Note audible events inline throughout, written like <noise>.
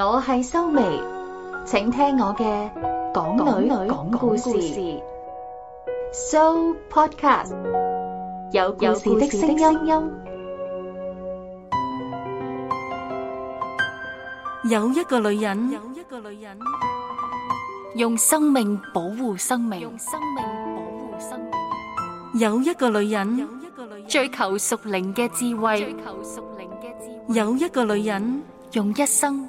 我係 Soumi，請聽我嘅港女，港女，港故事。So Podcast 有故事的聲音。有一個女人，有一個女人用生命保護生命。有一個女人，有一個女人追求屬靈嘅智慧。有一個女人用一生。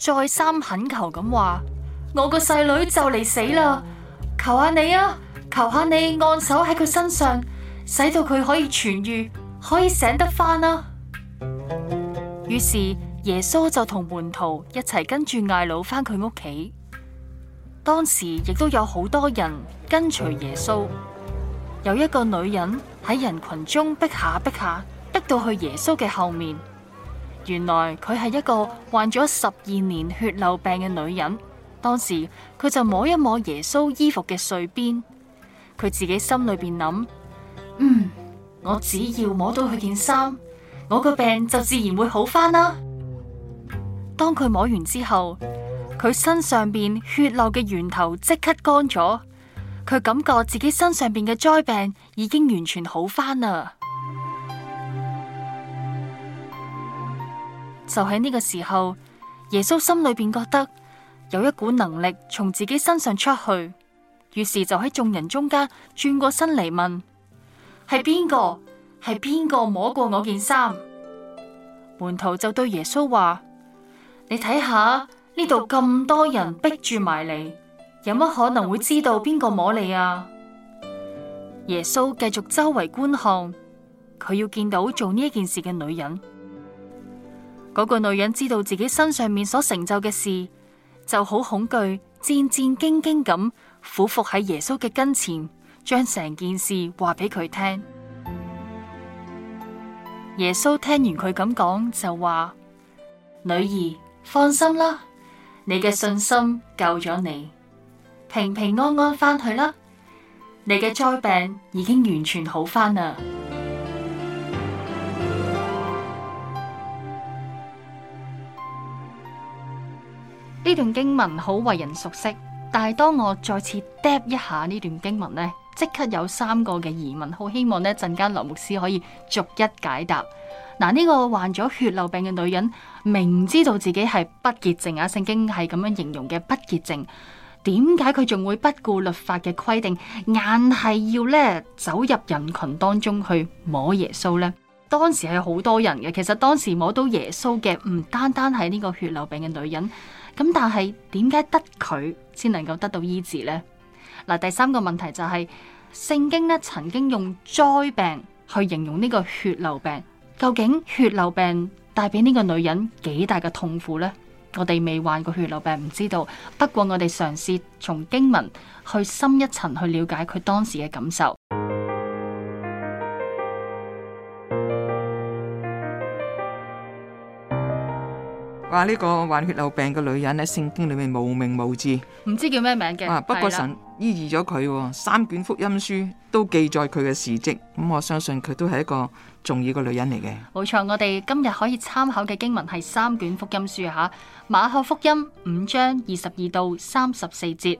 再三懇求咁話：我個細女就嚟死啦，求下你啊！求下你按手喺佢身上，使到佢可以痊愈，可以醒得翻啊！於是耶穌就同門徒一齊跟住艾佬返佢屋企。當時亦都有好多人跟隨耶穌。有一個女人喺人群中逼下逼下，逼到去耶穌嘅後面。原來佢係一個患咗十二年血漏病嘅女人，當時佢就摸一摸耶穌衣服嘅碎邊，佢自己心裏邊諗：嗯，我只要摸到佢件衫，我個病就自然會好返啦。當佢摸完之後，佢身上邊血漏嘅源頭即刻乾咗，佢感覺自己身上邊嘅災病已經完全好返啦。就喺呢個時候，耶穌心裏邊覺得有一股能力從自己身上出去。於是就喺眾人中間轉過身嚟問：係邊個？係邊個摸過我件衫？門徒就對耶穌話：你睇下呢度咁多人逼住埋你，有乜可能會知道邊個摸你啊？耶穌繼續周圍觀看，佢要見到做呢件事嘅女人。嗰個女人知道自己身上面所成就嘅事，就好恐懼，戰戰兢兢咁俯伏喺耶穌嘅跟前，將成件事話俾佢聽。耶穌聽完佢咁講，就話：「女兒，放心啦，你嘅信心救咗你，平平安安翻去啦。你嘅災病已經完全好翻啦。」呢段經文好為人熟悉，但係當我再次 d e 一下呢段經文呢，即刻有三個嘅疑問，好希望呢陣間羅牧師可以逐一解答。嗱，呢個患咗血漏病嘅女人明知道自己係不潔症啊，聖經係咁樣形容嘅不潔症，點解佢仲會不顧律法嘅規定，硬係要咧走入人群當中去摸耶穌呢？當時係好多人嘅，其實當時摸到耶穌嘅唔單單係呢個血漏病嘅女人。咁但係點解得佢先能夠得到醫治呢？嗱、啊，第三個問題就係、是、聖經呢曾經用災病去形容呢個血流病，究竟血流病帶俾呢個女人幾大嘅痛苦呢？我哋未患過血流病唔知道，不過我哋嘗試從經文去深一層去了解佢當時嘅感受。話呢、這個患血漏病嘅女人喺聖經裏面無名無字，唔知叫咩名嘅。啊，不過神醫治咗佢，的三卷福音書都記載佢嘅事蹟。咁、嗯、我相信佢都係一個重要嘅女人嚟嘅。冇錯，我哋今日可以參考嘅經文係三卷福音書吓、啊，馬可福音五章二十二到三十四節，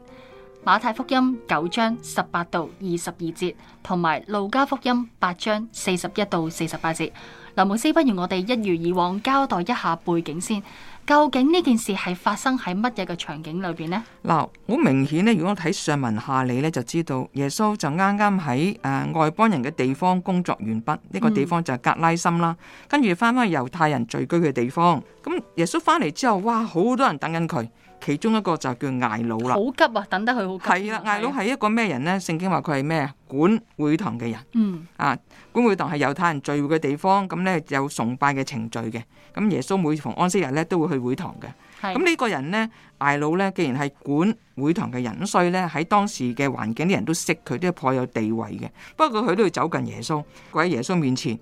馬太福音九章十八到二十二節，同埋路加福音八章四十一到四十八節。劉慕思，不如我哋一如以往交代一下背景先。究竟呢件事係發生喺乜嘢嘅場景裏面呢？嗱、嗯，好明顯咧，如果我睇上文下理咧，就知道耶穌就啱啱喺誒外邦人嘅地方工作完畢，呢、這個地方就係格拉森啦。跟住翻翻去猶太人聚居嘅地方，咁耶穌翻嚟之後，哇，好多人等緊佢。其中一個就叫睚魯啦，好急啊！等得佢好急、啊。係啦、啊，睚魯係一個咩人呢？聖經話佢係咩？管會堂嘅人。嗯。啊，管會堂係猶太人聚會嘅地方，咁、嗯、呢有崇拜嘅程序嘅。咁、嗯、耶穌每逢安息日呢都會去會堂嘅。係是。咁呢、嗯這個人呢，睚魯呢既然係管會堂嘅人，所以呢喺當時嘅環境，啲人都識佢，都係頗有地位嘅。不過佢都要走近耶穌，跪喺耶穌面前，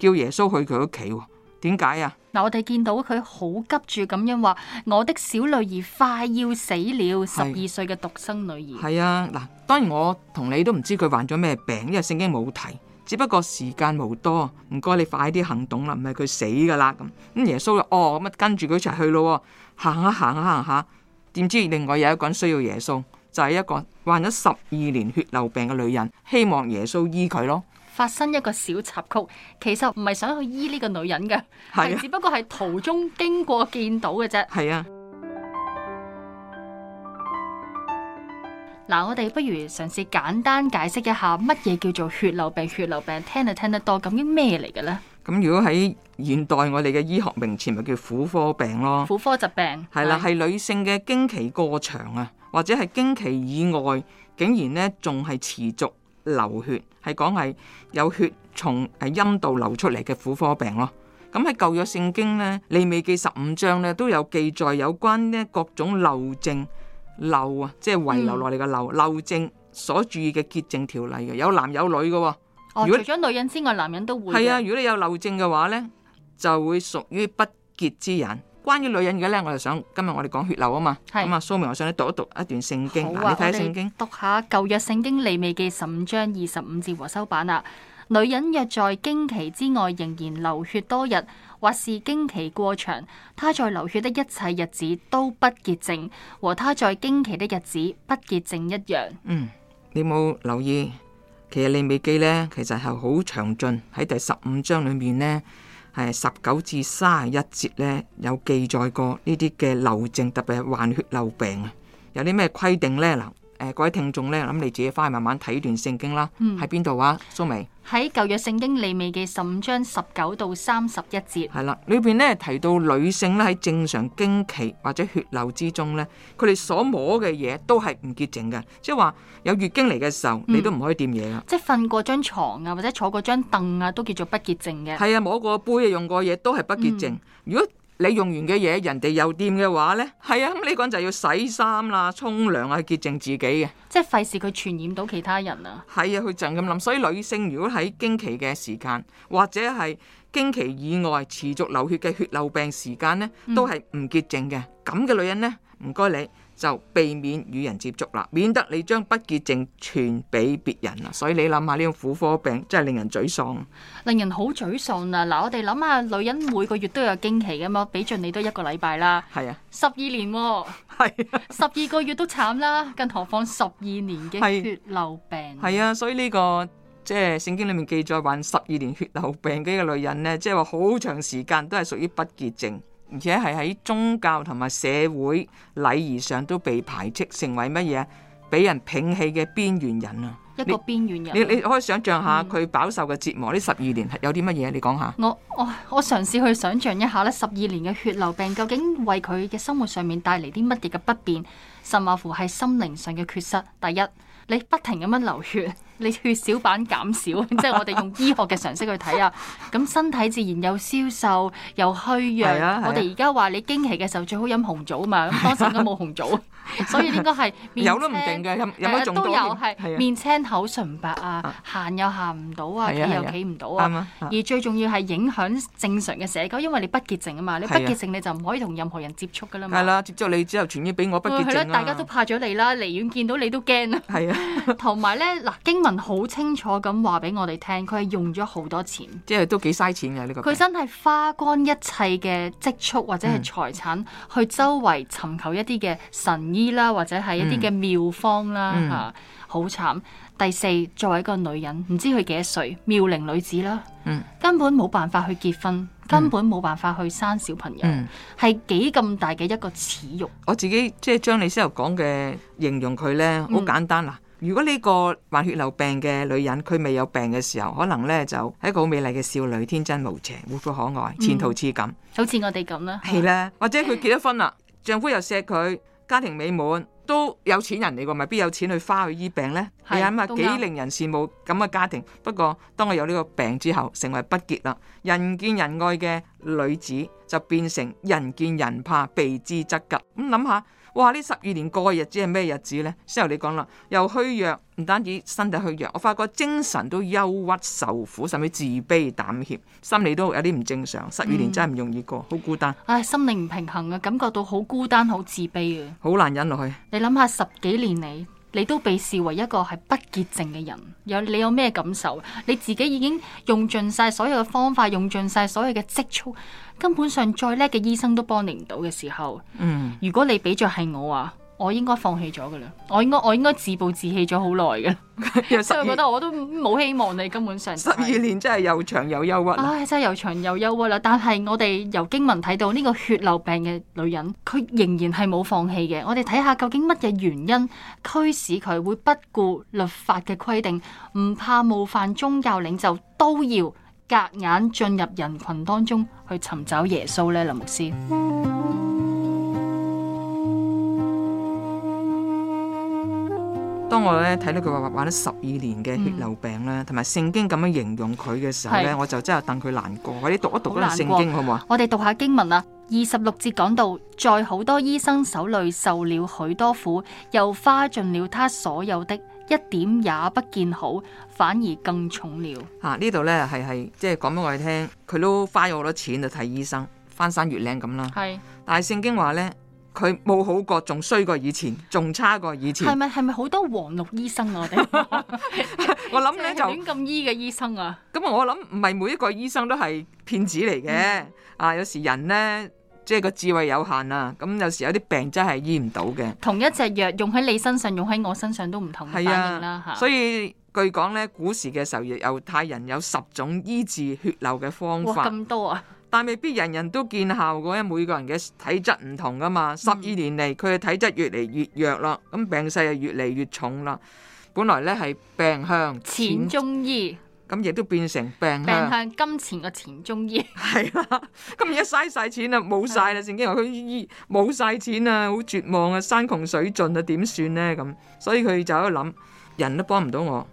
叫耶穌去佢屋企喎。點解啊？嗱，我哋見到佢好急住咁樣話，我的小女兒快要死了，十二歲嘅獨生女兒。係啊，嗱、啊，當然我同你都唔知佢患咗咩病，因為聖經冇提。只不過時間冇多，唔該你快啲行動啦，唔係佢死噶啦咁。咁、嗯、耶穌咧，哦、咁、嗯、啊跟住佢一齊去咯，行下、啊、行下、啊、行下、啊，點、啊、知另外有一個人需要耶穌，就係、是、一個患咗十二年血瘤病嘅女人，希望耶穌醫佢咯。發生一個小插曲，其實唔係想去醫呢個女人嘅，係、啊、只不過係途中經過見到嘅啫。係啊，嗱，我哋不如嘗試簡單解釋一下乜嘢叫做血流病？血流病聽就聽得多，究竟咩嚟嘅咧？咁如果喺現代我哋嘅醫學名詞，咪叫婦科病咯？婦科疾病係啦，係是女性嘅經期過長啊，或者係經期以外，竟然呢仲係持續。流血係講係有血從係陰道流出嚟嘅婦科病咯。咁喺舊約聖經呢，利未記十五章咧都有記載有關咧各種漏症漏啊，即係遺留落嚟嘅漏漏症所注意嘅潔淨條例嘅，有男有女嘅喎。哦，如果除咗女人之外，男人都會係啊。如果你有漏症嘅話呢，就會屬於不潔之人。關於女人而家咧，我就想今日我哋講血流啊嘛，咁啊蘇明，我想你讀一讀一段聖經，好啊，你睇下聖經，讀下舊約聖經利未記十五章二十五節和修版啊。女人若在經期之外仍然流血多日，或是經期過長，她在流血的一切日子都不潔淨，和她在經期的日子不潔淨一樣。嗯，你冇留意，其實利未記呢，其實係好詳盡，喺第十五章裏面呢。係十九至三十一節呢，有記載過呢啲嘅漏症，特別係患血漏病啊，有啲咩規定呢？嗱？誒，各位聽眾咧，諗你自己翻去慢慢睇段聖經啦，喺邊度啊？蘇眉喺舊約聖經利未記十五章十九到三十一節，係啦，裏邊咧提到女性咧喺正常經期或者血流之中咧，佢哋所摸嘅嘢都係唔潔淨嘅，即係話有月經嚟嘅時候，你都唔可以掂嘢啊！即係瞓過張床啊，或者坐過張凳啊，都叫做不潔淨嘅。係啊，摸過杯啊，用過嘢都係不潔淨。嗯、如果你用完嘅嘢，人哋又掂嘅話呢？係啊，咁、這、呢個人就要洗衫啦、沖涼啊，去潔淨、啊、自己嘅、啊，即係費事佢傳染到其他人啊。係啊，佢就咁諗，所以女性如果喺經期嘅時間，或者係經期以外持續流血嘅血漏病時間呢，都係唔潔淨嘅。咁嘅女人呢，唔該你。就避免與人接觸啦，免得你將不潔症傳俾別人啊！所以你諗下呢種婦科病真係令人沮喪，令人好沮喪啊！嗱，我哋諗下女人每個月都有經期嘅嘛，俾盡你都一個禮拜啦，係啊，十二年喎、哦，十二、啊、個月都慘啦，更何況十二年嘅血漏病，係啊，所以呢、這個即係聖經裡面記載患十二年血漏病嘅一個女人呢，即係話好長時間都係屬於不潔症。而且係喺宗教同埋社會禮儀上都被排斥，成為乜嘢？俾人摒棄嘅邊緣人啊！一個邊緣人，你，你，你可以想象下佢飽受嘅折磨呢十二年係有啲乜嘢？你講下。我我我嘗試去想象一下咧，十二年嘅血流病究竟為佢嘅生活上面帶嚟啲乜嘢嘅不便，甚或乎係心靈上嘅缺失。第一。你不停咁樣流血，你血小板減少， <laughs> 即係我哋用醫學嘅常識去睇啊。咁身體自然又消瘦又虛弱。 <laughs> 我哋而家話你經期嘅時候最好飲紅棗嘛，當時都冇紅棗。 <laughs> <laughs> <laughs> 所以應該係面青，有都唔定嘅。有，有都有係面青口唇白啊，行是、啊、又行唔到啊，企是、啊、又企唔到啊。是啊而最重要係影響正常嘅社交，因為你不潔淨啊嘛，你不潔淨你就唔可以同任何人接觸噶啦嘛。係啦、啊，接觸你之後傳染俾我，不潔、啊嗯、大家都怕咗你啦，離遠見到你都驚啊！係是啊，同埋咧嗱，經文好清楚咁話俾我哋聽，佢係用咗好多錢，即係都幾嘥錢㗎呢個。佢真係花乾一切嘅積蓄或者係財產、嗯、去周圍尋求一啲嘅神醫。啦，或者係一啲嘅妙方啦，吓，好慘。第四，作為一個女人，唔知佢幾多歲，妙齡女子啦，根本冇辦法去結婚，根本冇辦法去生小朋友，係幾咁大嘅一個恥辱。我自己即係將你先頭講嘅形容佢呢，好簡單啦。如果呢個患血流病嘅女人，佢未有病嘅時候，可能呢就係一個好美麗嘅少女，天真無邪，活潑可愛，前途似錦，好似我哋咁啦。係啦，或者佢結咗婚啦，丈夫又錫佢。家庭美滿，都有錢人嚟，咪必有錢去花去醫病呢？係啊嘛，你諗下有幾令人羨慕咁嘅家庭。不過當我有呢個病之後，成為不潔啦，人見人愛嘅女子就變成人見人怕，避之則吉。咁諗下。哇！呢十二年過嘅日子係咩日子呢？先由你講啦。由虛弱，唔單止身體虛弱，我發覺精神都憂鬱、受苦，甚至自卑、膽怯，心理都有啲唔正常。十二年真係唔容易過，好、嗯、孤單。唉、哎，心理唔平衡啊，感覺到好孤單、好自卑啊，好難忍落去。你諗下，十幾年嚟。你都被視為一個係不潔淨嘅人，有你有咩感受？你自己已經用盡晒所有嘅方法，用盡晒所有嘅積蓄，根本上再叻嘅醫生都幫你唔到嘅時候，嗯，如果你俾着係我啊？我應該放棄咗嘅啦，我應該我應該自暴自棄咗好耐嘅，所以 <laughs> 我覺得我都冇希望你，你根本上十二年真係又長又憂鬱。唉、哎，真係又長又憂鬱啦！但係我哋由經文睇到呢，這個血流病嘅女人，佢仍然係冇放棄嘅。我哋睇下究竟乜嘢原因驅使佢會不顧律法嘅規定，唔怕冒犯宗教領袖，都要隔硬進入人群當中去尋找耶穌呢？林牧師。嗯、當我咧睇到佢話玩咗十二年嘅血瘤病啦，同埋、嗯、聖經咁樣形容佢嘅時候咧，是我就真係戥佢難過。你讀一讀嗰段聖經好唔好啊？我哋讀下經文啊，二十六節講到，在好多醫生手裏受了許多苦，又花盡了他所有的一點也不見好，反而更重了。嚇、啊！呢度咧係係即係講俾我哋聽，佢都花咗好多錢去睇醫生，翻山越嶺咁啦。係是，但係聖經話咧。佢冇好過，仲衰過以前，仲差過以前。係咪係咪好多黃綠醫生我哋？ <laughs> 我諗你就亂咁醫嘅醫生啊！咁啊，我諗唔係每一個醫生都係騙子嚟嘅。嗯、啊，有時人咧，即係個智慧有限啊。咁有時有啲病真係醫唔到嘅。同一隻藥用喺你身上，用喺我身上都唔同反應，啦、啊。嚇！所以據講咧，古時嘅時候，猶太人有十種醫治血流嘅方法。哇！咁多啊！但未必人人都見效果，因為每個人嘅體質唔同噶嘛。十二年嚟，佢嘅體質越嚟越弱啦，咁病勢就越嚟越重啦。本來咧，係病向錢中醫，咁亦都變成病向金錢嘅錢中醫。係啦，咁而家嘥晒錢啦，冇晒啦，正經話，佢醫冇晒錢啦，好絕望啊，山窮水盡啊，點算咧咁？所以佢就喺度諗，人都幫唔到我，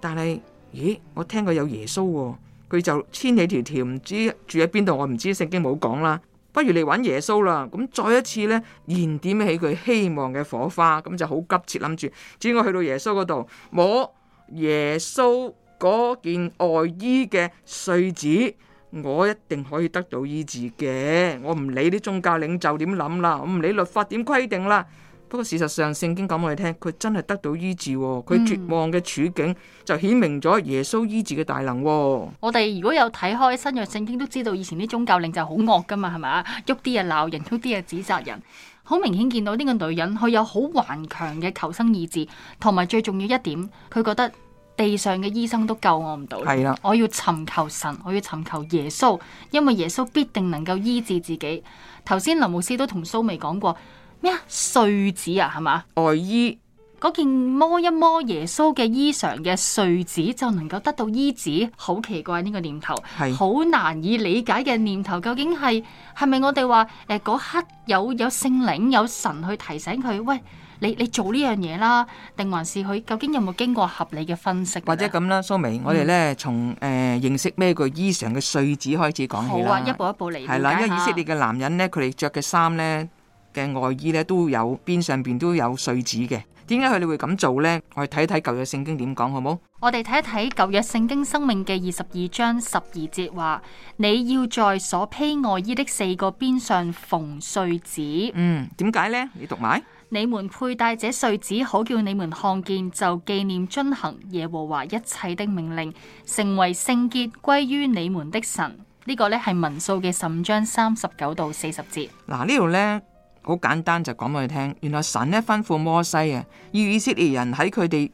但係，咦，我聽過有耶穌喎。佢就千里迢迢唔知住喺邊度，我唔知。聖經冇講啦。不如嚟揾耶穌啦。咁再一次呢燃點起佢希望嘅火花，咁就好急切諗住，只要我去到耶穌嗰度摸耶穌嗰件外衣嘅穗子，我一定可以得到醫治嘅。我唔理啲宗教領袖點諗啦，我唔理律法點規定啦。不過事實上，聖經講俾你聽，佢真係得到醫治。哦，佢絕望嘅處境，嗯、就顯明咗耶穌醫治嘅大能，哦。我哋如果有睇開新約聖經，都知道以前啲宗教令就好惡噶嘛，係咪， <laughs> 喐啲嘢鬧人，喐啲嘢指責人。好明顯見到呢個女人，佢有好頑強嘅求生意志，同埋最重要一點，佢覺得地上嘅醫生都救我唔到，的我要尋求神，我要尋求耶穌，因為耶穌必定能夠醫治自己。頭先林牧師都同蘇眉講過。咩啊？碎紙啊，係嘛依？外衣嗰件摸一摸耶穌嘅衣裳嘅碎紙就能夠得到醫治，好奇怪呢、呢個念頭，好是難以理解嘅念頭。究竟係係咪我哋話誒嗰刻有有，有聖靈有神去提醒佢？喂，你你做呢樣嘢啦，定還是佢究竟有冇經過合理嘅分析？或者咁啦，蘇眉，我哋咧從誒、呃、認識咩叫衣裳嘅碎紙開始講起啦、啊。一步一步嚟，係啦，為因為以色列嘅男人咧，佢哋着嘅衫咧。嘅外衣咧都有邊上邊都有碎紙嘅，點解佢哋會咁做呢？我哋睇一睇舊約聖經點講好冇？我哋睇一睇舊約聖經生命嘅二十二章十二節話：你要在所披外衣的四個邊上縫碎紙。嗯，點解呢？你讀埋。你們佩戴這碎紙，好叫你們看見就紀念遵行耶和華一切的命令，成為聖潔歸於你們的神。呢個咧係民數嘅十五章三十九到四十節。嗱，呢度呢。好簡單就講俾你聽。原來神咧吩咐摩西啊，要以色列人喺佢哋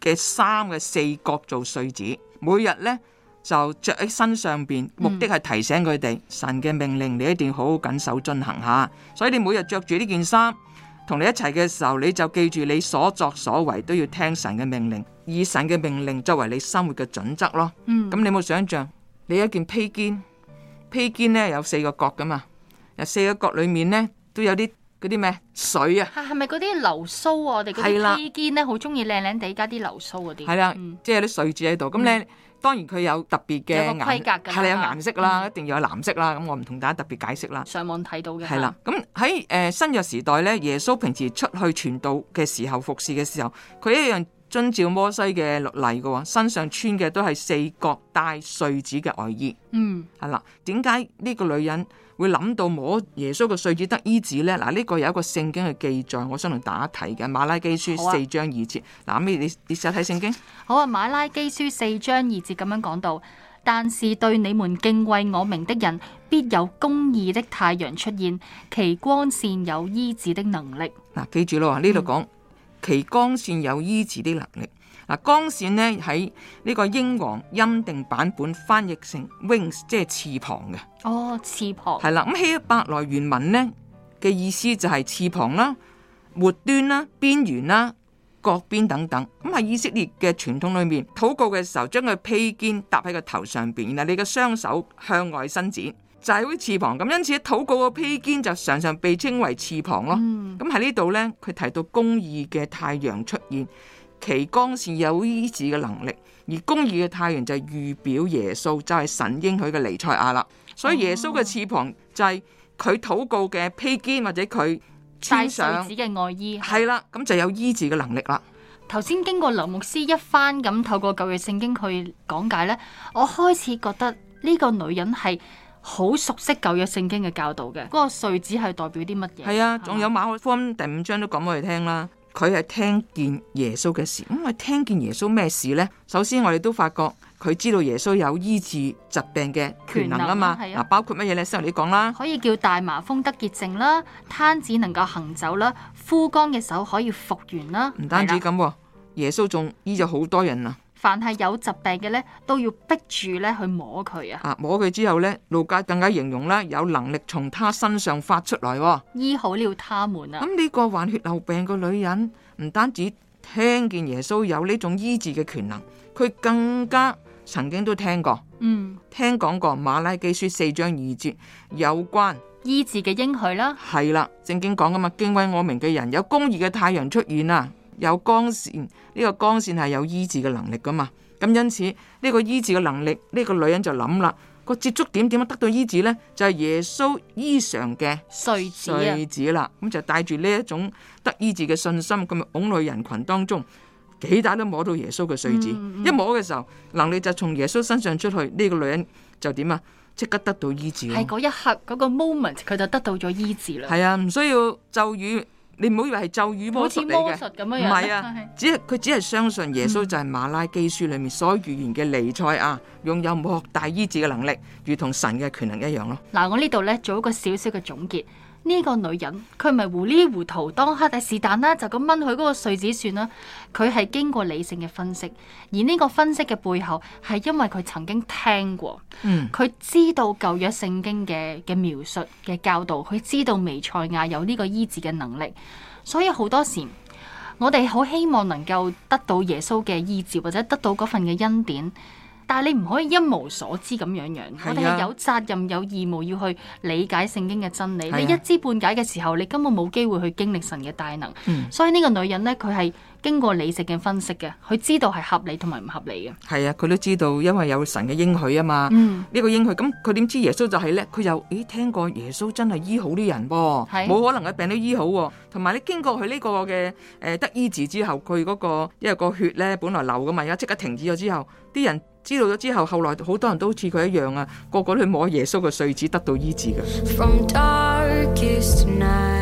嘅衫嘅四角做穗子，每日咧就着喺身上邊，目的係提醒佢哋神嘅命令，你一定要好好緊守進行下。所以你每日着住呢件衫同你一齊嘅時候，你就記住你所作所為都要聽神嘅命令，以神嘅命令作為你生活嘅準則咯。咁你有冇想象你有一件披肩，披肩咧有四個角㗎嘛？誒，有四個角裏面咧。都有啲嗰啲咩水啊？係咪嗰啲流蘇啊？我哋披肩咧好中意靚靚地加啲流蘇嗰啲。係啦、啊，嗯、即係有啲繸子喺度。咁咧，嗯、當然佢有特別嘅規格，係啦、啊，有顏色啦，嗯、一定要有藍色啦。咁我唔同大家特別解釋啦。上網睇到嘅係啦。咁喺誒新約時代咧，耶穌平時出去傳道嘅時候服侍嘅時候，佢一樣遵照摩西嘅律例嘅喎，身上穿嘅都係四角帶繸子嘅外衣。嗯，係啦、啊。點解呢個女人，會諗到摸耶穌嘅繸子得醫治呢？嗱，呢、這個有一個聖經嘅記載，我想同大家提嘅《馬拉基書》四章二節。嗱、啊，咩屘你你試吓睇聖經。好啊，《馬拉基書》四章二節咁樣講到：「但是對你們敬畏我名的人，必有公義的太陽出現，其光線有醫治的能力。」嗱，記住咯，呢度講其光線有醫治的能力。光線呢喺呢個英皇欽定版本翻譯成 wings，即係翅膀嘅。哦，翅膀。係啦，咁希伯來原文呢，嘅意思就係翅膀啦、末端啦、邊緣啦、角邊等等。咁喺以色列嘅傳統裏面，禱告嘅時候將佢披肩搭喺個頭上邊，然後你嘅雙手向外伸展，就係好似翅膀咁。因此，禱告嘅披肩就常常被稱為翅膀咯。咁喺呢度呢，佢提到公義嘅太陽出現，其光線有醫治嘅能力，而公義嘅太陽就係預表耶穌，就係、是、神應佢嘅彌賽亞啦。所以耶穌嘅翅膀就係佢禱告嘅披肩，或者佢穿上嘅外衣。係啦，咁就有醫治嘅能力啦。頭先經過劉牧師一番咁透過舊約聖經去講解呢，我開始覺得呢個女人係好熟悉舊約聖經嘅教導嘅。嗰、那個繸子係代表啲乜嘢？係啊，仲有馬可福音第五章都講過嚟聽啦。佢係聽見耶穌嘅事，咁、嗯、佢聽見耶穌咩事呢？首先我哋都發覺佢知道耶穌有醫治疾病嘅權，權能啊嘛，嗱、啊、包括乜嘢咧？先同你講啦，可以叫大麻風得潔淨啦，癱子能夠行走啦，枯乾嘅手可以復原啦，唔單止咁、啊，啊、耶穌仲醫咗好多人啊。凡係有疾病嘅咧，都要逼住咧去摸佢啊！啊，摸佢之後咧，路加更加形容啦，有能力從他身上發出來，醫好了他們啊！咁呢個患血漏病嘅女人，唔單止聽見耶穌有呢種醫治嘅權能，佢更加曾經都聽過，嗯，聽講過馬拉基書四章二節有關醫治嘅應許啦。係啦，正經講嘅嘛，敬畏我名嘅人，有公義嘅太陽出現啊！有光線，呢、這個光線係有醫治嘅能力噶嘛？咁因此呢、這個醫治嘅能力，呢、這個女人就諗啦，個接觸點點樣得到醫治呢？就係、是、耶穌衣裳嘅碎紙啦。咁、啊、就帶住呢一種得醫治嘅信心，咁啊，擁擠人群當中，幾大都摸到耶穌嘅碎紙，嗯嗯、一摸嘅時候，能力就從耶穌身上出去，呢、這個女人就點啊？即刻得到醫治。係嗰一刻嗰、那個 moment，佢就得到咗醫治啦。係啊，唔需要咒語。你唔好以為係咒語魔術嚟嘅，唔係啊，是是只係佢只係相信耶穌就係馬拉基書裏面所預言嘅彌賽亞，擁、嗯、有莫大醫治嘅能力，如同神嘅權能一樣咯。嗱、啊，我呢度咧做一個小少嘅總結。呢個女人佢唔係糊裏糊塗當黑，但是但啦就咁掹佢嗰個碎紙算啦。佢係經過理性嘅分析，而呢個分析嘅背後係因為佢曾經聽過，佢知道舊約聖經嘅嘅描述嘅教導，佢知道彌賽亞有呢個醫治嘅能力，所以好多時我哋好希望能夠得到耶穌嘅醫治或者得到嗰份嘅恩典。但係你唔可以一無所知咁樣樣，啊、我哋係有責任有義務要去理解聖經嘅真理。啊、你一知半解嘅時候，你根本冇機會去經歷神嘅大能。嗯、所以呢個女人呢，佢係，經過理性嘅分析嘅，佢知道係合理同埋唔合理嘅。係啊，佢都知道，因為有神嘅應許啊嘛。嗯，呢個應許，咁佢點知耶穌就係咧？佢又誒聽過耶穌真係醫好啲人噃，冇是可能嘅病都醫好。同埋你經過佢呢個嘅誒得醫治之後，佢嗰、嗰個因為個血咧本來流噶嘛，而家即刻停止咗之後，啲人知道咗之後，後來好多人都好似佢一樣啊，個個都去摸耶穌嘅繸子得到醫治嘅。 <music>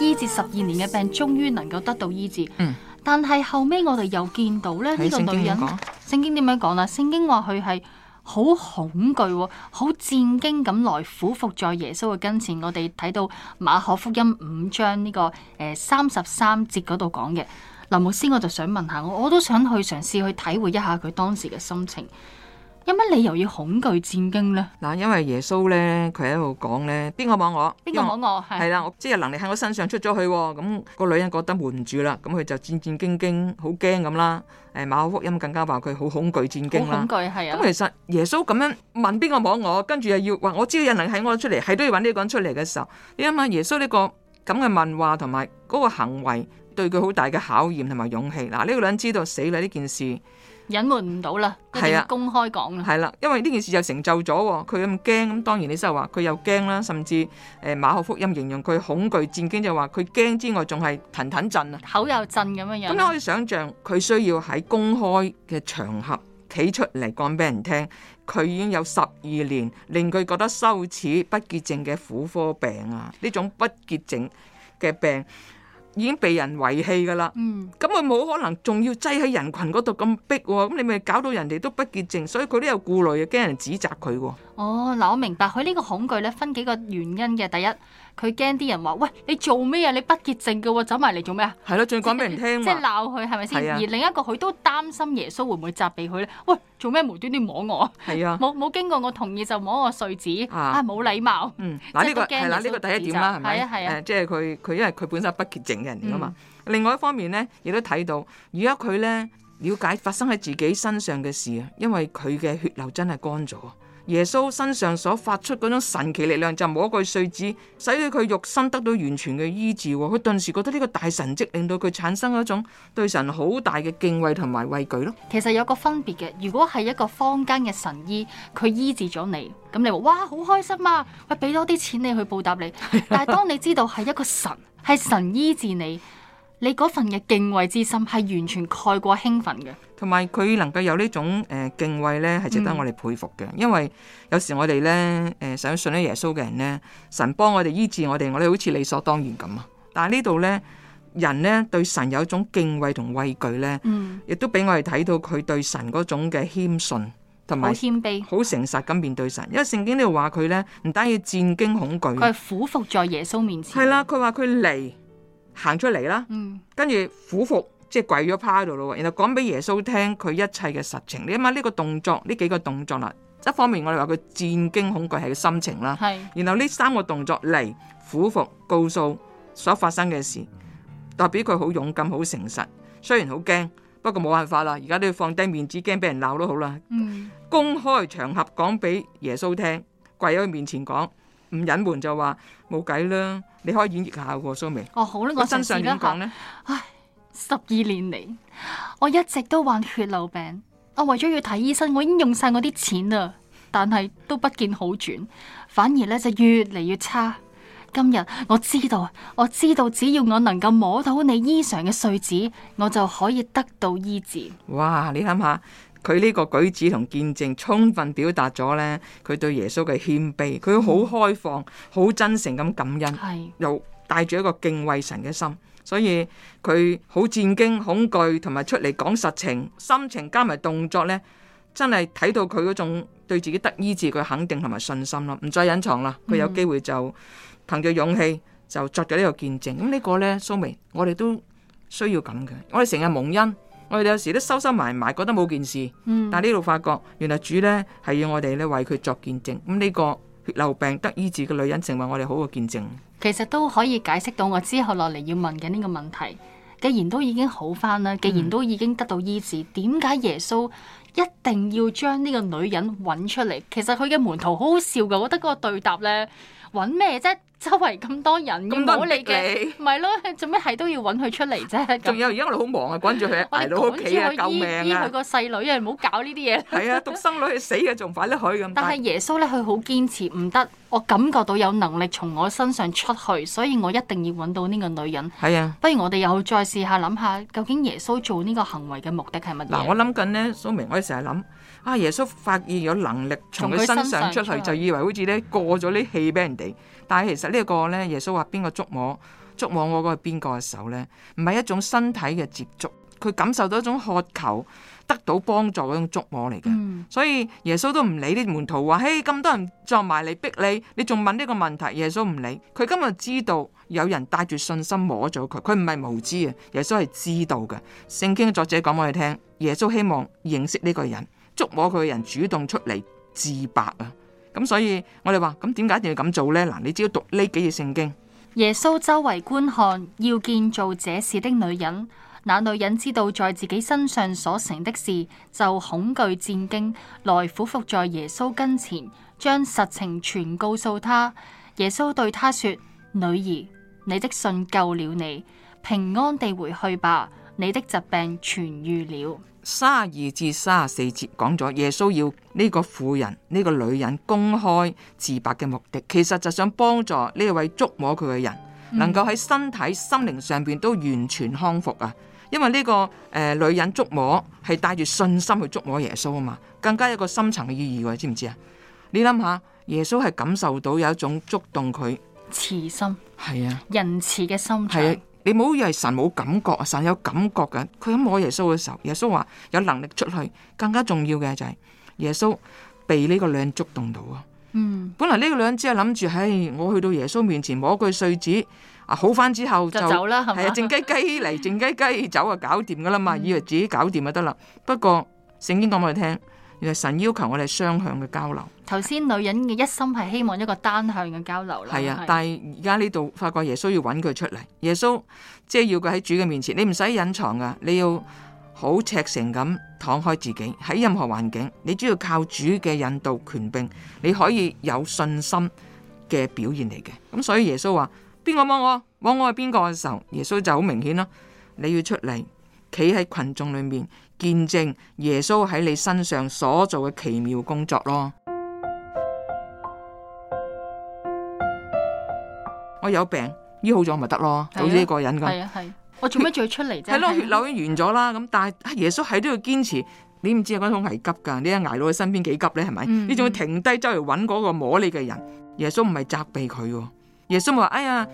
醫治十二年嘅病，終於能夠得到醫治。嗯、但係後尾我哋又見到咧，呢聖個女人，聖經點樣講呀？聖經話佢係好恐懼，好戰兢咁來俯伏，伏在耶穌嘅跟前。我哋睇到馬可福音五章呢、這個誒三十三節嗰度講嘅。林牧師，我就想問下我，我都想去嘗試去體會一下佢當時嘅心情。有乜理由要恐懼戰驚咧？嗱，因為耶穌咧，佢喺度講咧，邊個摸我？邊個摸我？係啦為，我知有能力喺我身上出咗去。咁個女人覺得瞞唔住啦，咁佢就戰戰兢兢，好驚咁啦。誒，馬可福音更加話佢好恐懼戰驚啦。恐懼係啊。咁其實耶穌咁樣問邊個摸我，跟住又要話我知道有能力喺我出嚟，係都要揾呢個人出嚟嘅時候，你諗下耶穌呢、這個咁嘅問話同埋嗰個行為，對佢好大嘅考驗同埋勇氣。嗱、嗯，呢、這個女人知道死啦呢件事。隱瞞唔到啦，佢要公開講啦。係啦、啊啊，因為呢件事就成就咗喎，佢咁驚咁，當然你真係話佢又驚啦，甚至誒、呃、馬可福音形容佢恐懼戰驚，就係話佢驚之外，仲係騰騰震啊，口又震咁樣樣。咁你可以想象佢需要喺公開嘅場合企出嚟講俾人聽，佢已經有十二年令佢覺得羞恥不潔症嘅婦科病啊，呢種不潔症嘅病。已經被人遺棄㗎啦，咁佢冇可能仲要擠喺人群嗰度咁逼喎，哦，咁你咪搞到人哋都不潔淨，所以佢都有顧慮，驚人指責佢喎。哦，嗱，哦，我明白佢呢個恐懼咧，分幾個原因嘅。第一。佢驚啲人話，喂，你做咩啊？你不潔淨嘅喎，走埋嚟做咩啊？係咯，仲要講俾人聽嘛？即係鬧佢係咪先？而另一個佢都擔心耶穌會唔會責備佢咧？喂，做咩無端端摸我？係啊，冇冇經過我同意就摸我碎紙，啊，冇禮貌。嗱呢個係啦，呢個第一點啦，係咪？係啊係啊，即係佢佢因為佢本身係不潔淨嘅人嚟噶嘛。另外一方面咧，亦都睇到，而家佢咧了解發生喺自己身上嘅事啊，因為佢嘅血流真係乾咗。耶穌身上所發出嗰種神奇力量，就冇一句碎紙，使到佢肉身得到完全嘅醫治。佢頓時覺得呢個大神蹟，令到佢產生一種對神好大嘅敬畏同埋畏懼咯。其實有個分別嘅，如果係一個坊間嘅神醫，佢醫治咗你，咁你話哇好開心啊，我俾多啲錢你去報答你。但係當你知道係一個神，係神醫治你，你嗰份嘅敬畏之心係完全蓋過興奮嘅。同埋佢能夠有呢種誒、呃、敬畏咧，係值得我哋佩服嘅。嗯、因為有時我哋咧誒想信呢耶穌嘅人咧，神幫我哋醫治我哋，我哋好似理所當然咁啊。但係呢度咧，人咧對神有一種敬畏同畏懼咧，嗯、亦都俾我哋睇到佢對神嗰種嘅謙遜同埋謙卑，好誠實咁面對神。因為聖經呢度話佢咧唔單止戰驚恐懼，佢係俯伏在耶穌面前。係啦，佢話佢嚟行出嚟啦，跟住俯伏。即係跪咗趴度咯，然後講俾耶穌聽佢一切嘅實情。你諗下呢個動作，呢幾個動作啦，一方面我哋話佢戰驚恐懼係個心情啦，然後呢三個動作嚟，俯伏告訴所發生嘅事，代表佢好勇敢、好誠實。雖然好驚，不過冇辦法啦，而家都要放低面子，驚俾人鬧都好啦。公開場合講俾耶穌聽，跪喺佢面前講，唔隱瞞就話冇計啦。你可以演繹下喎，蘇眉，哦，好啦，我真想點講咧，唉。十二年嚟，我一直都患血漏病。我為咗要睇醫生，我已經用晒我啲錢啦，但係都不見好轉，反而咧就越嚟越差。今日我知道，我知道只要我能夠摸到你衣裳嘅繸子，我就可以得到醫治。哇！你諗下，佢呢個舉止同見證，充分表達咗咧佢對耶穌嘅謙卑。佢好開放，好真誠咁感恩，是又帶住一個敬畏神嘅心。所以佢好戰兢、恐懼，同埋出嚟講實情，心情加埋動作呢，真係睇到佢嗰種對自己得醫治嘅肯定同埋信心咯，唔再隱藏啦。佢有機會就憑著勇氣就作咗呢個見證。咁呢、嗯、個呢，蘇眉，我哋都需要咁嘅。我哋成日蒙恩，我哋有時都收收埋埋，覺得冇件事。但係呢度發覺，原來主呢係要我哋咧為佢作見證。咁呢、呢個。血流病得醫治嘅女人成為我哋好嘅見證，其實都可以解釋到我之後落嚟要問嘅呢個問題。既然都已經好返啦，既然都已經得到醫治，點解，嗯、耶穌一定要將呢個女人揾出嚟？其實佢嘅門徒好好笑㗎，我覺得嗰個對答呢。揾咩啫？周圍咁多人，攞你嘅，唔係咯？做咩係都要揾佢出嚟啫？仲有而 <laughs> 家我哋好忙啊，關住佢喺度醫佢個細女，因唔好搞呢啲嘢。係啊，獨生女死嘅仲快得佢。咁。但係耶穌咧，佢好堅持，唔得。我感覺到有能力從我身上出去，所以我一定要揾到呢個女人。係啊，不如我哋又再試下諗下，究竟耶穌做呢個行為嘅目的係乜嘢？嗱，我諗緊咧，蘇明我，我哋成日諗。啊！耶穌發現咗能力從佢身上出去，出去就以為好似咧過咗啲氣俾人哋。 <noise> 但係其實呢一個咧，耶穌話邊個捉摸捉摸我嗰個係邊個嘅手咧？唔係一種身體嘅接觸，佢感受到一種渴求得到幫助嗰種觸摸嚟嘅。嗯、所以耶穌都唔理啲門徒話：嘿，咁多人撞埋嚟逼你，你仲問呢個問題？耶穌唔理佢，今日知道有人帶住信心摸咗佢，佢唔係無知啊。耶穌係知道嘅。聖經嘅作者講俾我哋聽，耶穌希望認識呢個人。捉摸佢嘅人主動出嚟自白啊！咁所以我哋話咁點解一定要咁做呢？嗱，你只要讀呢幾頁聖經。耶穌周圍觀看，要見做這事的女人。那女人知道在自己身上所成的事，就恐懼戰驚，來俯伏在耶穌跟前，將實情全告訴他。耶穌對他說：女兒，你的信救了你，平安地回去吧，你的疾病痊愈了。三十二至三十四節講咗耶穌要呢個婦人呢、這個女人公開自白嘅目的，其實就想幫助呢位觸摸佢嘅人，能夠喺身體心靈上邊都完全康復啊！因為呢、這個誒、呃、女人觸摸係帶住信心去觸摸耶穌啊嘛，更加一個深層嘅意義喎、啊，知唔知啊？你諗下，耶穌係感受到有一種觸動佢慈心，係啊，仁慈嘅心態。你唔好以為神冇感覺啊，神有感覺噶。佢咁摸耶穌嘅時候，耶穌話有能力出去。更加重要嘅就係耶穌被呢個女人觸動到啊。嗯，本來呢個女人只係諗住，喺、哎、我去到耶穌面前摸一句碎紙啊，好翻之後就，就走啦，係啊，靜雞雞嚟，靜雞雞走啊，搞掂噶啦嘛，嗯、以為自己搞掂就得啦。不過聖經講俾我哋聽。原嚟神要求我哋雙向嘅交流。頭先女人嘅一心係希望一個單向嘅交流啦。係啊，是但係而家呢度發覺耶穌要揾佢出嚟。耶穌即係、就是、要佢喺主嘅面前，你唔使隱藏噶，你要好赤誠咁敞開自己。喺任何環境，你只要靠主嘅引導權柄，你可以有信心嘅表現嚟嘅。咁所以耶穌話：邊個摸我，摸我係邊個嘅時候，耶穌就好明顯啦。你要出嚟，企喺群眾裏面。見證耶穌喺你身上所做嘅奇妙工作咯。我有病，醫好咗咪得咯，總之的呢個人噉。係啊係，我做咩仲要出嚟啫？係咯，血流已經完咗啦。咁但係耶穌喺都要堅持。你唔知啊，嗰種危急噶，你一挨到佢身邊幾急咧，係咪？嗯嗯，你仲要停低周圍揾嗰個摸你嘅人。耶穌唔係責備佢，耶穌話：哎呀。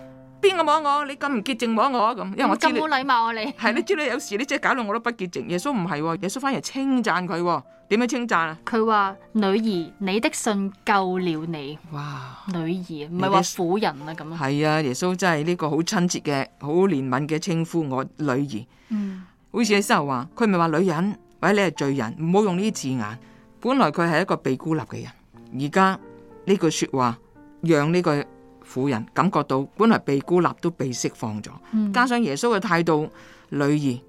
邊個摸我？你咁唔潔淨摸我咁，因為我知你咁冇禮貌啊！你係你知你有時你真係搞到我都不潔淨。耶穌唔係喎，耶穌反而稱讚佢，點樣稱讚啊？佢話，女兒，你的信救了你。哇！女兒唔係話婦人啊咁啊？耶，咁樣，係啊！耶穌真係呢個好親切嘅，好憐憫嘅稱呼，我女兒。嗯，好似你之後話，佢唔係話女人或者你係罪人，唔好用呢啲字眼。本來佢係一個被孤立嘅人，而家呢句說話讓呢個。婦人感覺到本嚟被孤立都被釋放咗，嗯、加上耶穌嘅態度，女兒，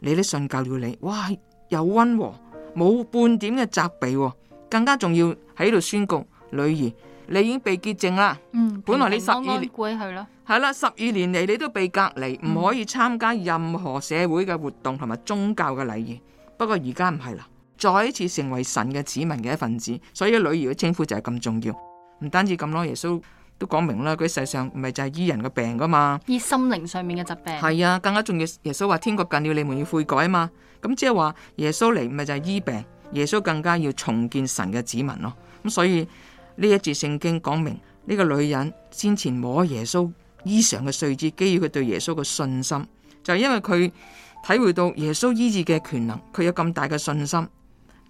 你嘅信救了你，哇，有溫和，冇半點嘅責備，更加仲要喺度宣告，女兒，你已經被潔淨啦。嗯、本來你十二年歸去咯，係啦、嗯，十二年嚟你都被隔離，唔可以參加任何社會嘅活動同埋宗教嘅禮儀。不過而家唔係啦，再一次成為神嘅子民嘅一份子。所以女兒嘅稱呼就係咁重要，唔單止咁多耶穌。都講明啦，佢喺世上唔係就係醫人嘅病噶嘛，醫心靈上面嘅疾病係啊，更加重要。耶穌話天國近了，你們要悔改啊嘛。咁即係話耶穌嚟唔係就係醫病，耶穌更加要重建神嘅子民咯。咁、嗯、所以呢一節聖經講明呢、呢個女人先前摸耶穌衣裳嘅碎子，基於佢對耶穌嘅信心，就係、是、因為佢體會到耶穌醫治嘅權能，佢有咁大嘅信心，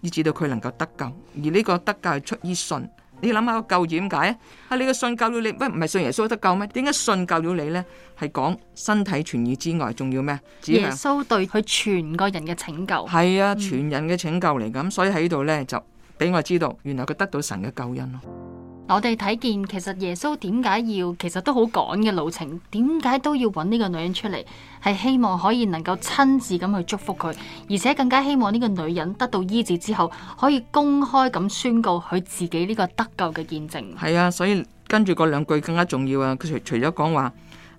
以至到佢能夠得救。而呢個得救係出於信。你諗下個救義點解啊？係你個信救了你，喂不唔係信耶穌得救咩？點解信救了你咧？係講身體痊愈之外，仲要咩？只耶穌對佢全個人嘅拯救。係啊，全人嘅拯救嚟咁，所以喺度咧就俾我知道，原來佢得到神嘅救恩咯。我哋睇見其實耶穌點解要，其實都好趕嘅路程，點解都要揾呢個女人出嚟？係希望可以能夠親自咁去祝福佢，而且更加希望呢個女人得到醫治之後，可以公開咁宣告佢自己呢個得救嘅見證。係啊，所以跟住嗰兩句更加重要啊！佢除除咗講話誒，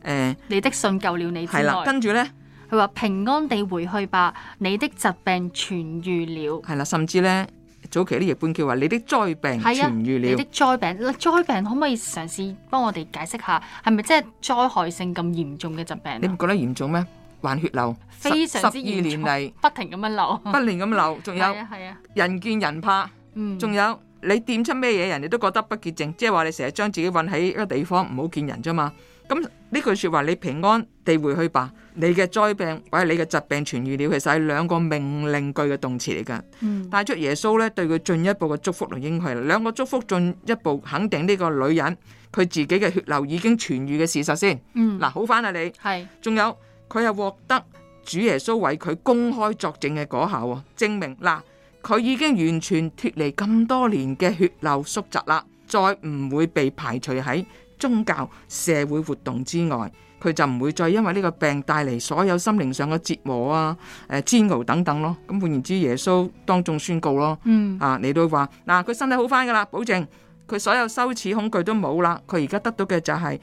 呃、你的信救了你，係啦、啊，跟住呢，佢話平安地回去吧，你的疾病痊愈了，係啦、啊，甚至呢。早期呢，亦半叫話：你的災病痊愈了。你的災病，啊、你災病，災病可唔可以嘗試幫我哋解釋下，係咪即係災害性咁嚴重嘅疾病、啊？你唔覺得嚴重咩？患血流十非常之嚴重，十二年嚟不停咁樣流，不停咁流，仲有，係啊，啊人見人怕。仲、嗯、有你掂出咩嘢，人哋都覺得不潔淨，即係話你成日將自己困喺一個地方，唔好見人咋嘛。咁呢句說話，你平安地回去吧。你嘅災病或者你嘅疾病痊愈了，其實係兩個命令句嘅動詞嚟㗎。嗯、帶出耶穌咧，對佢進一步嘅祝福同應許啦。兩個祝福進一步肯定呢個女人佢自己嘅血流已經痊愈嘅事實先。嗱、嗯，好返啦、啊、你。係是。仲有佢又獲得主耶穌為佢公開作證嘅果效，證明嗱佢已經完全脫離咁多年嘅血流縮宿窄啦，再唔會被排除喺，宗教、社會活動之外，佢就唔會再因為呢個病帶嚟所有心靈上嘅折磨啊、誒、呃、煎熬等等咯。咁換言之，耶穌當眾宣告咯，嗯、啊，你都話嗱，佢身體好翻噶啦，保證佢所有羞恥恐懼有、恐懼都冇啦，佢而家得到嘅就係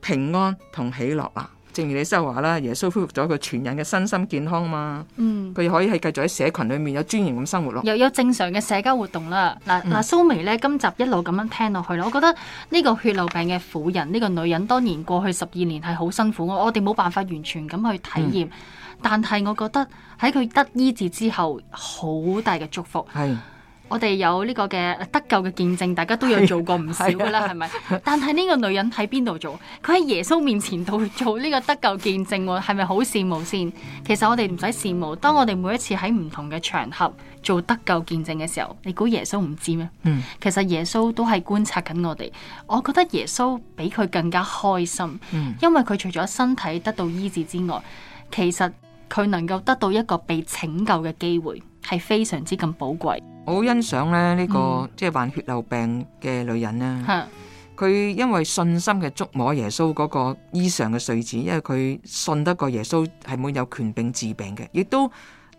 平安同喜樂啦！正如你所話啦，耶穌恢復咗佢全人嘅身心健康嘛，佢、嗯、可以係繼續喺社群裏面有尊嚴咁生活咯，又有正常嘅社交活動啦。嗱嗱，嗯、蘇眉咧今集一路咁樣聽落去啦，我覺得呢個血漏病嘅婦人呢、呢個女人，當然過去十二年係好辛苦，我哋冇辦法完全咁去體驗，嗯、但係我覺得喺佢得醫治之後，好大嘅祝福。係。我哋有呢個嘅得救嘅見證，大家都有做過唔少㗎喇，係咪？ <laughs> 但係呢個女人喺邊度做？佢喺耶穌面前度做呢個得救見證，係咪好羨慕先？其實我哋唔使羨慕，當我哋每一次喺唔同嘅場合做得救見證嘅時候，你估耶穌唔知咩？其實耶穌都係觀察緊我哋。我覺得耶穌比佢更加開心，因為佢除咗身體得到醫治之外，其實佢能夠得到一個被拯救嘅機會。係非常之咁寶貴，我好欣賞咧呢個即係患血漏病嘅女人啦。佢因為信心嘅觸摸耶穌嗰個衣裳嘅繸子，因為佢信得過耶穌係冇有權柄治病嘅，亦都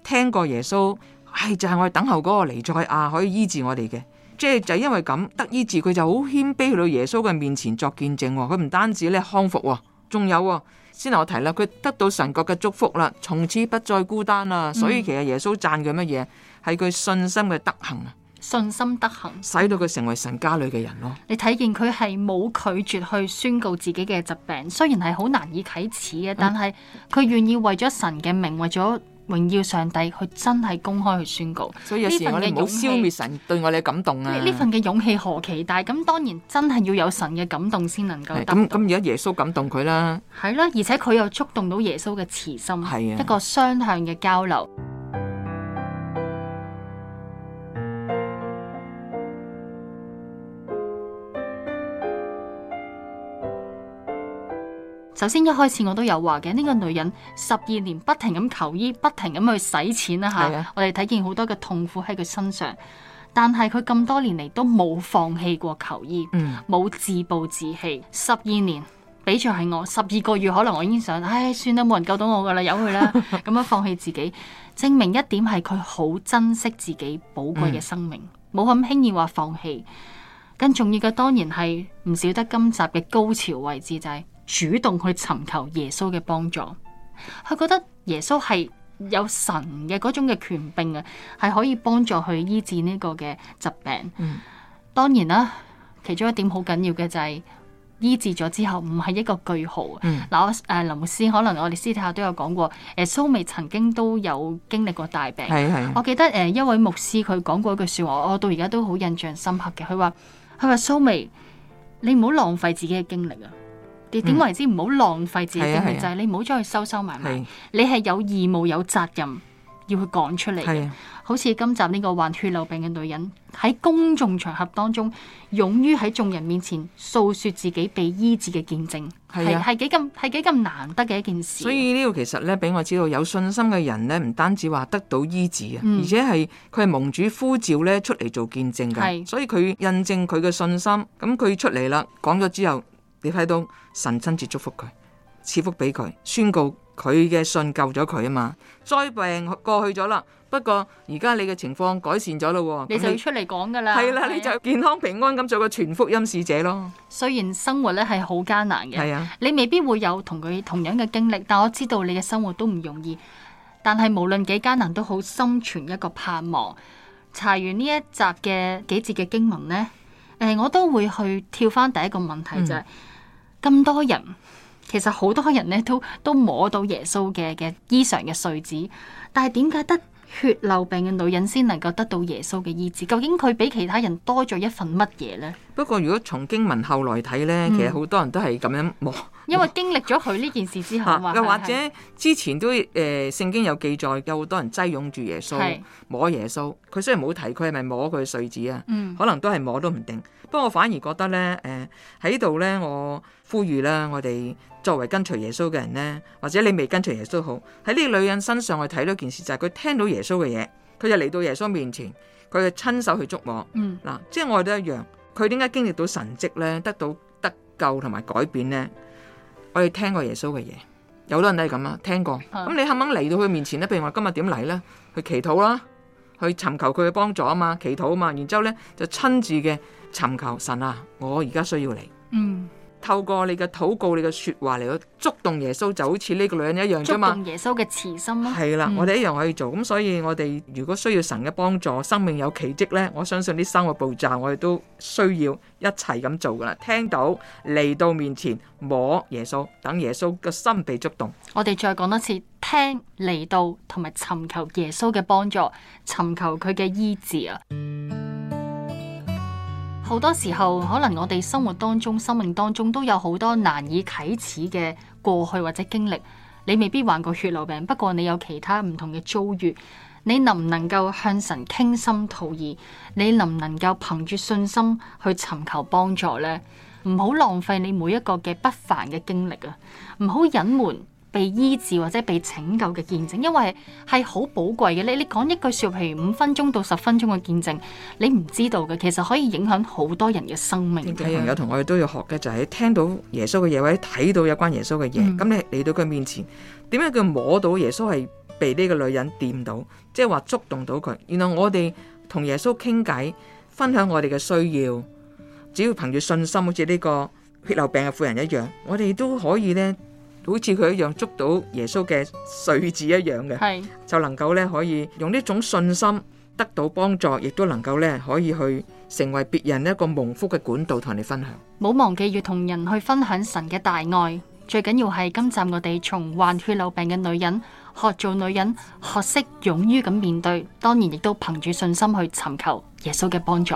聽過耶穌，係就係我哋等候嗰個彌賽亞可以醫治我哋嘅。即係就因為咁得醫治，佢就好謙卑去到耶穌嘅面前作見證。佢唔單止咧康復，仲有。先嚟我提啦，佢得到神國嘅祝福啦，從此不再孤單啦。所以其實耶穌讚佢乜嘢，係佢信心嘅德行啊！信心德行，使到佢成為神家裏嘅人咯。你睇見佢係冇拒絕去宣告自己嘅疾病，雖然係好難以啟齒嘅，但係佢願意為咗神嘅名，為咗。榮耀上帝，佢真係公開去宣告，所以有時我哋唔好消滅神對我哋嘅感動啊！呢份嘅勇氣何其大，咁當然真係要有神嘅感動先能夠得。咁咁而家耶穌感動佢啦，係啦，而且佢又觸動到耶穌嘅慈心，係啊，一個雙向嘅交流。首先，一開始我都有話嘅。呢個女人十二年不停咁求醫，不停咁去使錢啦吓。的我哋睇見好多嘅痛苦喺佢身上，但係佢咁多年嚟,都冇放棄過求醫，冇、嗯、自暴自棄。十二年比着係我十二個月，可能我已經想唉，算啦，冇人救到我噶啦，由佢啦，咁 <laughs> 樣放棄自己，證明一點係佢好珍惜自己寶貴嘅生命，冇咁輕易話放棄。更重要嘅當然係唔少得今集嘅高潮位置就係，主動去尋求耶穌嘅幫助，佢覺得耶穌係有神嘅嗰種嘅權柄啊，係可以幫助佢醫治呢個嘅疾病。嗯，當然啦，其中一點好緊要嘅就係、是、醫治咗之後唔係一個句號。嗯，嗱，誒，林牧師可能我哋私底下都有講過，誒、呃，蘇眉曾經都有經歷過大病。是是，我記得誒、呃、一位牧師佢講過一句說話，我到而家都好印象深刻嘅。佢話佢話蘇眉，你唔好浪費自己嘅經歷啊。你點為之唔好浪費自己嘅就係你唔好再去收收埋埋，你係有義務有責任要去講出嚟嘅。是啊是啊，好似今集呢個患血漏病嘅女人喺公眾場合當中，勇於喺眾人面前訴説自己被醫治嘅見證，係係幾咁係幾咁難得嘅一件事，啊。所以呢個其實咧，俾我知道有信心嘅人咧，唔單止話得到醫治啊，嗯、而且係佢係蒙主呼召咧出嚟做見證㗎。是啊、所以佢印證佢嘅信心，信心，咁佢出嚟啦，講咗之後。Mhm. 你睇到神親自祝福佢，賜福俾佢，宣告佢嘅信救咗佢啊嘛！災病過去咗啦，不過而家你嘅情況改善咗咯，你就要出嚟講噶啦，係啦，你就健康平安咁做個全福音使者咯。雖然生活咧係好艱難嘅，係啊的，你未必會有同佢同樣嘅經歷，但我知道你嘅生活都唔容易。但係無論幾艱難，都好心存一個盼望。查完呢一集嘅幾節嘅經文呢，誒，我都會去跳返第一個問題就係。嗯咁多人，其實好多人咧，都都摸到耶穌嘅嘅衣裳嘅碎紙，但係點解得血漏病嘅女人先能夠得到耶穌嘅醫治，究竟佢比其他人多咗一份乜嘢呢？不過如果從經文後來睇呢，嗯、其實好多人都係咁樣摸，因為經歷咗佢呢件事之後又 <laughs> 是或者之前都誒、呃，聖經有記載有好多人擠擁住耶穌是摸耶穌，佢雖然冇提佢係咪摸佢嘅繸子啊，嗯、可能都係摸都唔定。不過我反而覺得呢，誒喺度呢，我呼籲啦，我哋。作為跟隨耶穌嘅人呢，或者你未跟隨耶穌好，喺呢個女人身上去睇到件事，就係佢聽到耶穌嘅嘢，佢就嚟到耶穌面前，佢就親手去觸摸。嗱、嗯啊，即係我哋都一樣，佢點解經歷到神蹟呢？得到得救同埋改變呢？我哋聽過耶穌嘅嘢，有好多人都係咁啊，聽過。咁、嗯、你肯唔肯嚟到佢面前呢？譬如話今日點嚟呢？去祈禱啦，去尋求佢嘅幫助啊嘛，祈禱啊嘛，然之後咧就親自嘅尋求神啊，我而家需要你。嗯。透過你嘅禱告，你嘅說話嚟到觸動耶穌，就好似呢個女人一樣啫嘛。觸動耶穌嘅慈心咯、啊。係啦，我哋一樣可以做。咁、嗯、所以，我哋如果需要神嘅幫助，生命有奇蹟咧，我相信呢三個步驟我哋都需要一齊咁做噶啦。聽到嚟到面前摸耶穌，等耶穌嘅心被觸動。我哋再講多次，聽、嚟到同埋尋求耶穌嘅幫助，尋求佢嘅醫治啊！好多時候，可能我哋生活當中、生命當中都有好多難以啟齒嘅過去或者經歷。你未必患過血瘤病，不過你有其他唔同嘅遭遇，你能唔能夠向神傾心吐意？你能唔能夠憑住信心去尋求幫助呢？唔好浪費你每一個嘅不凡嘅經歷啊！唔好隱瞞。被醫治或者被拯救嘅見證，因為係好寶貴嘅。你你講一句說話，譬如五分鐘到十分鐘嘅見證，你唔知道嘅，其實可以影響好多人嘅生命。啲朋友同我哋都要學嘅，就係、是、聽到耶穌嘅嘢，或者睇到有關耶穌嘅嘢，咁你嚟到佢面前，點樣佢摸到耶穌係被呢個女人掂到，即係話觸動到佢。然後我哋同耶穌傾偈，分享我哋嘅需要，只要憑住信心，好似呢個血流病嘅婦人一樣，我哋都可以咧。好似佢一樣捉到耶穌嘅穗子一樣嘅，就能夠咧可以用呢種信心得到幫助，亦都能夠咧可以去成為別人一個蒙福嘅管道，同你分享。冇忘記要同人去分享神嘅大愛，最緊要係今集我哋從患血漏病嘅女人學做女人，學識勇於咁面對，當然亦都憑住信心去尋求耶穌嘅幫助。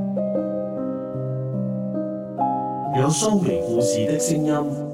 有蘇眉故事的聲音。